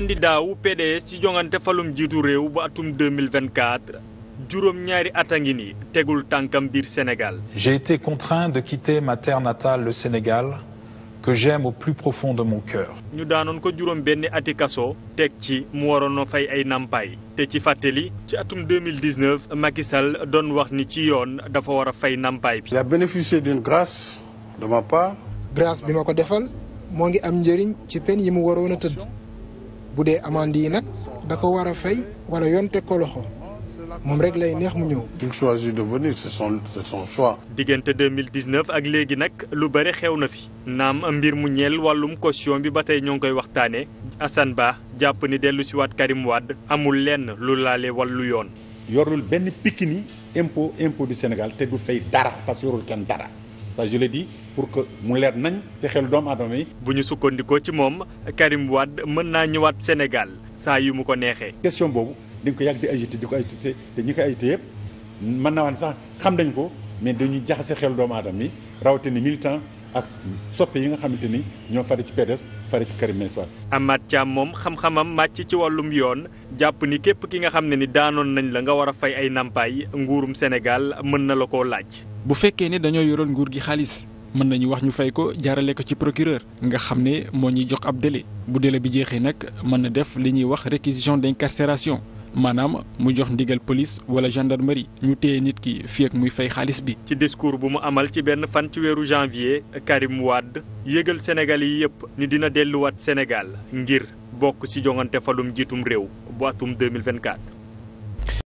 candidat wu PDS ci jongante falum jiitu réew bu atum 2024 juróom ñaari at a ngi ni tegul tànkam biir Sénégal. J'ai été contraint de quitter ma terre natale le Sénégal que j'aime au plus profond de mon cœur. ñu daanoon ko juróom benn ati kaso teg ci mu waroon a fay ay nampaay te ci fàttali ci atum 2019 Macky Sall doon wax ni ci yoon dafa war a fay nampaay bi. Il a bénéficié d'une grâce de ma bi ma ko defal moo ngi am njëriñ ci peine yi mu waroon a tëdd. bu dee amande yi nag da ko war a fay wala yonte ko loxo moom rek lay neex mu ñëw. il choisit de venir c'est son c'est son choix. diggante 2019 ak léegi nag lu bëri xew na fi. naam mbir mu ñeel wàllum caution bi ba tey ñoo ngi koy waxtaanee Assane jàpp ni dellu si waat Karim Wade amul lenn lu laale wàllu yoon. yorul benn pikini impôt impôt du Sénégal te du fay dara parce que yorul kenn dara. ça je di pour que mu leer nañ ci xelu doomu aadama yi. bu ñu sukkandikoo ci moom Karim Wade mën naa ñëwaat Sénégal saa yu mu ko neexee. question boobu dañ ko yàgg di agité di ko agité te ñi ko agité yëpp mën naa wax sax xam nañ ko mais dañu jaxase xelu doomu aadama yi rawatina militant. ak soppe yi nga xamante ni ñoo fare ci PDS fare ci Karim Meïssa Wade Amath Thiam moom xam-xamam màcc ci wàllum yoon jàpp ni képp ki nga xam ne ni daanoon nañ la nga war a fay ay nampaay nguurum Sénégal mën na la koo laaj bu fekkee ne dañoo yoral nguur gi xaalis mën nañu wax ñu fay ko jaarale ko ci procureur nga xam ne moo ñuy jox ab délai bu délai bi jeexee nag mën na def li ñuy wax réquisition d'incarcération maanaam mu jox ndigal police wala gendarmerie ñu téye nit ki fii ak muy fay xaalis bi. ci discours bu mu amal ci benn fan ci weeru janvier Karim Wade yëgal Sénégal yi yëpp ni dina delluwaat Sénégal ngir bokk ci joŋante falum jiitum réew bu atum 2024.